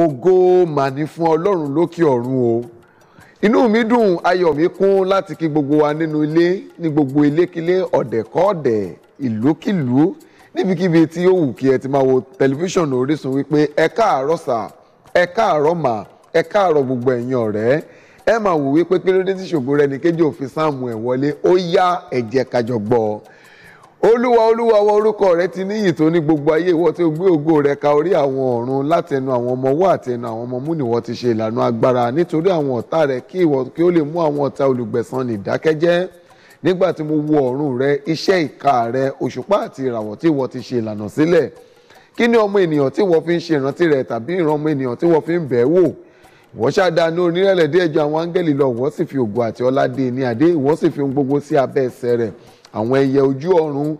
Ogo màní fún ọlọ́run lókè ọ̀run o inú mi dùn ayọ̀ mi kún láti kí gbogbo wa nínú ilé ní gbogbo ilékilé ọ̀dẹ̀kọ́ọ̀dẹ̀ ìlúkìlú níbikíbi tí ó wù kí ẹ ti máa wo tẹlifíṣàn Orísun wípé ẹ káàárọ̀ sà ẹ káàárọ̀ mà ẹ káàárọ̀ gbogbo ẹ̀yin ọ̀rẹ́ ẹ máa wò wípé kí ló dé tí ṣògo rẹ ní kéjì òfin sáàmù ẹ̀ wọlé ó yá ẹ jẹ́ gbọ́ ọ olúwa olúwa wọ orúkọ rẹ ti níyì tó ní gbogbo ayé ìwọ tí ó gbé ògo rẹ ka orí àwọn ọ̀run látẹnu àwọn ọmọ ọwọ́ àtẹnu àwọn ọmọ mú níwọ ti ṣe ìlànà agbára nítorí àwọn ọ̀tá rẹ kí ìwọ kí ó lè mú àwọn ọ̀tá olùgbẹ̀san ní ìdákẹ́jẹ́ nígbà tí mo wo ọ̀run rẹ iṣẹ́ ìka rẹ òṣùpá àti ìràwọ̀ tí ìwọ ti ṣe ìlànà sílẹ̀ kí ni ọmọ ènìyàn tí ìwọ fi ń ṣe ìrántí rẹ tàbí ìran ọmọ ènìyàn tí ìwọ fi ń bẹ̀ẹ́ wò wọ́n ṣàdánù onírẹ̀lẹ̀ dé ẹjọ́ àwọn áńgẹ́lì lọ wọ́n sì fi ògo àti ọlá dé ní adé wọ́n sì fi ohun gbogbo sí abẹ́ ẹsẹ̀ rẹ̀ àwọn ẹyẹ ojú ọ̀run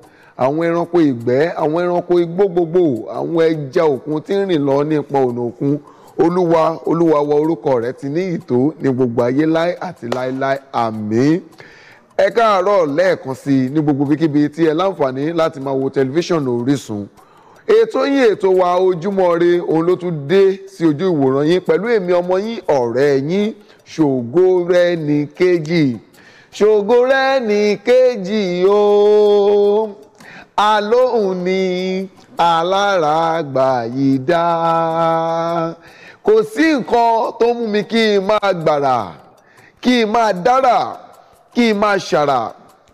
àwọn ẹranko ìgbẹ́ àwọn ẹranko igbó gbogbo àwọn ẹja òkun tí ń rìn lọ ní ipa ọ̀nà òkun olúwa olúwa wa orúkọ rẹ̀ ti ní ìtó ní gbogbo ayé láé àti láéláé àmín ẹ káàárọ̀ lẹ́ẹ̀kan sí i ní gbogbo bíkíbi tí ẹ láǹfààní láti máa wo tẹlifíṣàn Orísun ètò yín ètò wa ojúmọ́ re òun ló tún dé sí ojú ìwòran yín pẹ̀lú èmi ọmọ yín ọ̀rẹ́ yín Ṣògorẹ́níkejì Ṣògorẹ́níkejì o alóhùn ni alára gbà yìí dá kò sí nǹkan tó mú mi kí n máa gbàrà kí n máa dára kí n máa ṣàrà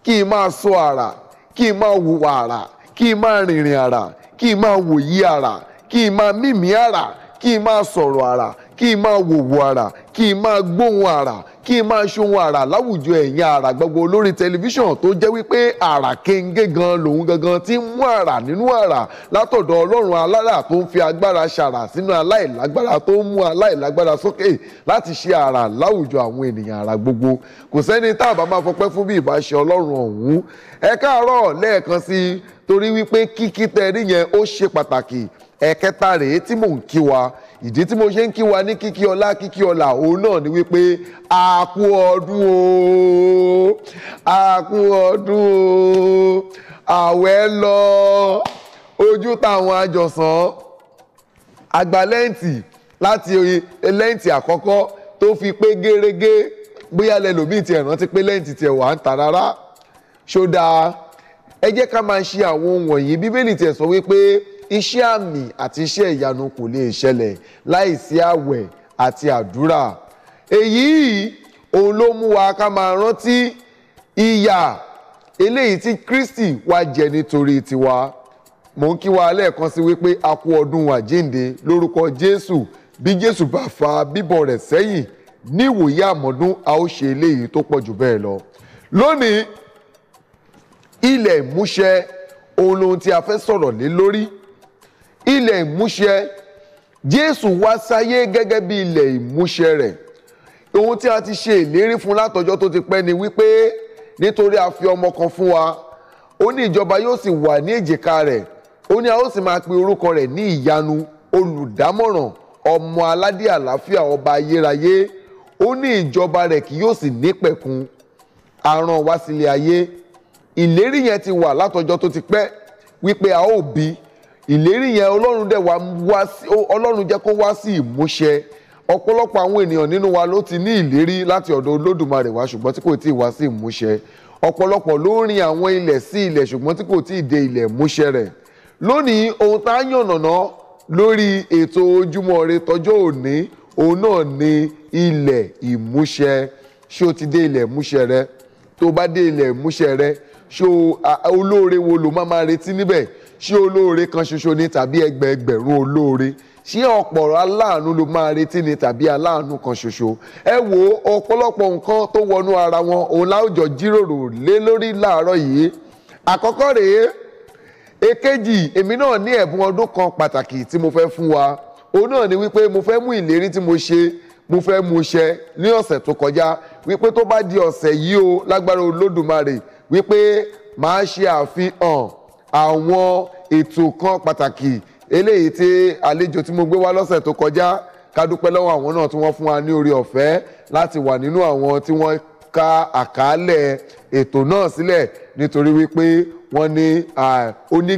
kí n máa sọ àrà kí n máa hùwà àrà kí n máa rìnrìn àrà kí n máa wòye àrà kí n máa mímí àrà kí n máa sọ̀rọ̀ àrà kí n máa wòwò àrà kí n máa gbóhùn àrà kí n máa ṣohun àrà láwùjọ ẹ̀yin àrà gbogbo lórí tẹlifíṣàn tó jẹ́ wípé àrà kéńgé gan lòun gangan tí ń mú àrà nínú àrà látọ̀dọ̀ ọlọ́run alára tó ń fi agbára ṣàrà sínú aláìlágbára tó ń mú aláìlágbára sókè láti ṣe àrà láwùjọ àwọn ènìyàn àrà gbogbo kò sẹ́ni tá a bá máa fọpẹ́ fún bí ìbáṣe ọlọ́run ọ̀hún ẹ káàárọ̀ lẹ́ẹ̀kan sí i torí wípé kíkí tẹ yẹn ó ṣe pàtàkì ẹ̀kẹta rèé tí mò ń kí wa ìdí tí mo ṣe ń kí wa ní kíkí ọlá kíkí ọlá òun náà ni wípé a kú ọdún o a kú ọdún o àwẹ̀ lọ ojú táwọn àjọsán àgbàlẹ́ǹtì láti lẹ́ǹtì àkọ́kọ́ tó fi pé gérégé bóyá lẹ́lòmíì tiẹ̀ rántí pé lẹ́ǹtì tiẹ̀ wà ń ta rárá ṣó dáa ẹ jẹ́ ká máa ṣe àwọn ohun wọ̀nyí bíbélì tiẹ̀ sọ wípé iṣẹ́ àmì àti iṣẹ́ ìyanu kò lè ṣẹlẹ̀ láìsí àwẹ̀ àti àdúrà èyí òun ló mú wa ká máa rántí ìyà eléyìí tí Kristi wá jẹ nítorí tiwa mò ń kí wa lẹ́ẹ̀kan sí wípé a kú ọdún àjíǹde lórúkọ Jésù bí Jésù bá fa bíbọ̀ rẹ̀ sẹ́yìn ní ìwòye àmọ́dún a ó ṣe eléyìí tó pọ̀ jù bẹ́ẹ̀ lọ lónìí ilẹ̀ ìmúṣẹ ohun lohun tí a fẹ́ sọ̀rọ̀ lé lórí ilẹ̀ ìmúṣẹ jésù wá sáyé gẹ́gẹ́ bí ilẹ̀ ìmúṣẹ rẹ̀ ohun tí a ti ṣe ìlérí fún látọjọ́ tó ti pẹ́ ni wípé nítorí a fi ọmọ kan fún wa ó ní ìjọba yóò sì wà ní èjìká rẹ̀ ó ní a ó sì máa pe orúkọ rẹ̀ ní ìyanu olùdámọ̀ràn ọmọ aládé àlàáfíà ọba ayérayé ó ní ìjọba rẹ̀ kì yóò sì nípẹ̀kun a wá sílé ayé ìlérí yẹn ti wà látọjọ́ tó ti pẹ́ wípé a ó bí ìlérí yẹn ọlọ́run dẹ̀ wá sí ọlọ́run jẹ́ kó wá sí ìmúṣẹ ọ̀pọ̀lọpọ̀ àwọn ènìyàn nínú wa ló ti ní ìlérí láti ọ̀dọ̀ olódùmarè wá ṣùgbọ́n tí kò tí ì wá sí ìmúṣẹ ọ̀pọ̀lọpọ̀ ló ń rin àwọn ilẹ̀ sí ilẹ̀ ṣùgbọ́n tí kò tí ì dé ilẹ̀ múṣẹ rẹ̀ lónìí ohun tá a yànnàná lórí ètò ojúmọ́ ire tọjọ́ òní òun náà ni ilẹ̀ ìmúṣẹ ṣé o ti dé ilẹ̀ ìmúṣẹ rẹ tó bá dé ilẹ̀ ìmúṣẹ rẹ ṣé olóore wo ló máa máa retí níbẹ̀ ṣé olóore kan ṣoṣo ni tàbí ẹgbẹẹgbẹ̀rún olóore ṣé ọ̀pọ̀ aláàánú ló máa retí ni tàbí aláàánú kan ṣoṣo ẹ wo ọ̀pọ̀lọpọ̀ nǹkan tó wọnú ara wọn òun láwùjọ jíròrò lé lórí láàárọ̀ yìí àkọ́kọ́ rèé èkejì èmi náà ní ẹ̀bùn ọdún kan pàtàkì tí mo fẹ́ fún wa òun náà ni wípé mo fẹ́ mú ìlérí tí mo ṣe mo fẹ́ mú ṣẹ ní ọ̀sẹ̀ tó kọjá wípé tó bá di ọ̀sẹ̀ yìí o lágbára olódùmarè wípé màá ṣe àfihàn àwọn ètò kan pàtàkì eléyìí tí àlejò tí mo gbé wá lọ́sẹ̀ tó kọjá ká dúpẹ́ lọ́wọ́ àwọn náà tí wọ́n fún wa ní orí ọ̀fẹ́ láti wà nínú àwọn tí wọ́n ka àkàálẹ̀ ètò náà sílẹ̀ nítorí wípé wọ́n ní ó ní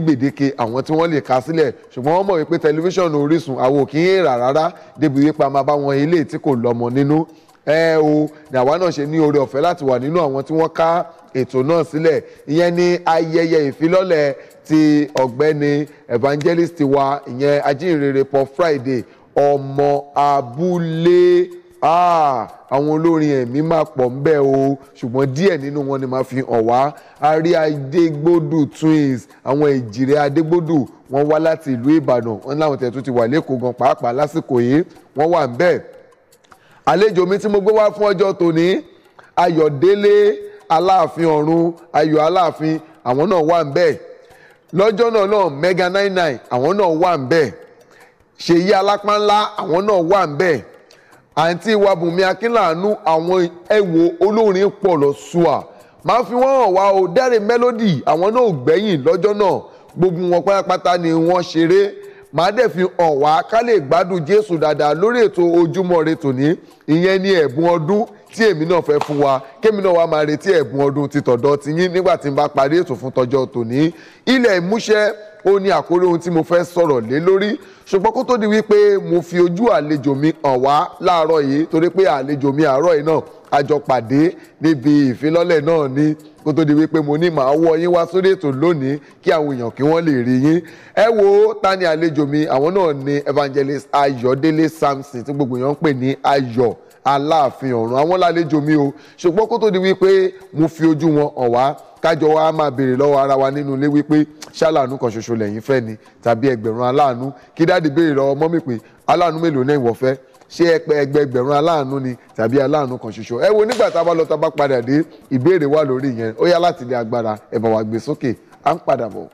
àwọn tí wọ́n lè ka sílẹ̀ ṣùgbọ́n wọ́n mọ̀ wípé tẹlifíṣàn Orísun àwọn ò ń rà rárá débi wípé a máa bá wọn ilé tí kò lọ́mọ nínú ẹ o nàwa náà ṣe ní oore ọ̀fẹ́ láti wà nínú àwọn tí wọ́n ká ètò náà sílẹ̀ ìyẹn ni ayẹyẹ ìfilọ́lẹ̀ ti ọ̀gbẹ́ni evangelist wa ìyẹn ajínrere Paul Friday ọmọ abúlé àwọn olórin ẹ̀mí máa pọ̀ ń bẹ̀ o ṣùgbọ́n díẹ̀ nínú wọn ni màá fi hàn wá arí adégbòdù twins àwọn ìjìrè adégbòdù wọ́n wá láti ìlú ìbàdàn wọn láwọn tẹ̀ tún ti wà lẹ́kọ̀ọ́ gan pàápàá lásìkò yìí wọ́n wà ń bẹ̀ àlejò mi tí mo gbé wá fún ọjọ́ tòní ayọ̀délé aláàfin ọ̀run ayọ̀ aláàfin àwọn náà wà ń bẹ̀ lọ́jọ́ náà náà mega nine nine àwọn náà wà ń bẹ̀ ṣèyí alápánlá àwọn náà wà ń bẹ̀ àǹtí wa bùnmi akínláàánú àwọn ẹ̀wò olórin pọ̀ lọ́sùà máa fi wọ́n hàn wá o dẹ́rìn mélòdì àwọn náà ò gbẹ̀yìn lọ́jọ́ náà gbogbo wọn pátápátá ni wọ́n ṣeré màá dẹ̀ fi hàn wá ká lè gbádùn jésù dáadáa lórí ètò ojúmọ́ re tòní ìyẹn ni ẹ̀bùn ọdún tí èmi náà fẹ́ fún wa kémi náà wá máa retí ẹ̀bùn ọdún ti tọ̀dọ̀ tiyín nígbà tí n bá parí ètò fún tọjọ́ tòní ilẹ̀ ìmúṣẹ ó ní àkórí ohun tí mo fẹ́ sọ̀rọ̀ lé lórí ṣùgbọ́n kó tó di wípé mo fi ojú àlejò mi hàn wá láàárọ̀ yìí torí pé àlejò mi àárọ̀ yìí náà àjọpàdé níbi ìfilọ́lẹ̀ náà ni kó tó di wípé mo ní màá wọ yín wá sórí ètò lónìí kí àwọn èèyàn kí wọ́n lè rí yín ẹ wo ta ni àlejò mi àwọn náà ni evangelist Ayọ̀délé Samson tí gbogbo èèyàn ń pè ní Ayọ̀ Aláàfin Ọ̀run àwọn lálejò mi o ṣùgbọ́n kó tó di wípé mo fi ojú wọn hàn wá kájọ wa máa béèrè lọ́wọ́ ara wa nínú ilé wípé ṣáláàánú kan ṣoṣo lẹ́yìn fẹ́ ni tàbí ẹgbẹ̀rún aláàánú kí dáàdi béèrè lọ́wọ́ mọ́mì pé aláàánú mélòó náà ìwọ ṣé ẹpẹ ẹgbẹgbẹ̀rún aláàánú ni tàbí aláàánú kan ṣoṣo ẹ wo nígbà tá a bá lọ tá a bá padà dé ìbéèrè wà lórí yẹn ó yá láti ilé agbára ẹ bá wa gbé sókè à ń padà bọ̀.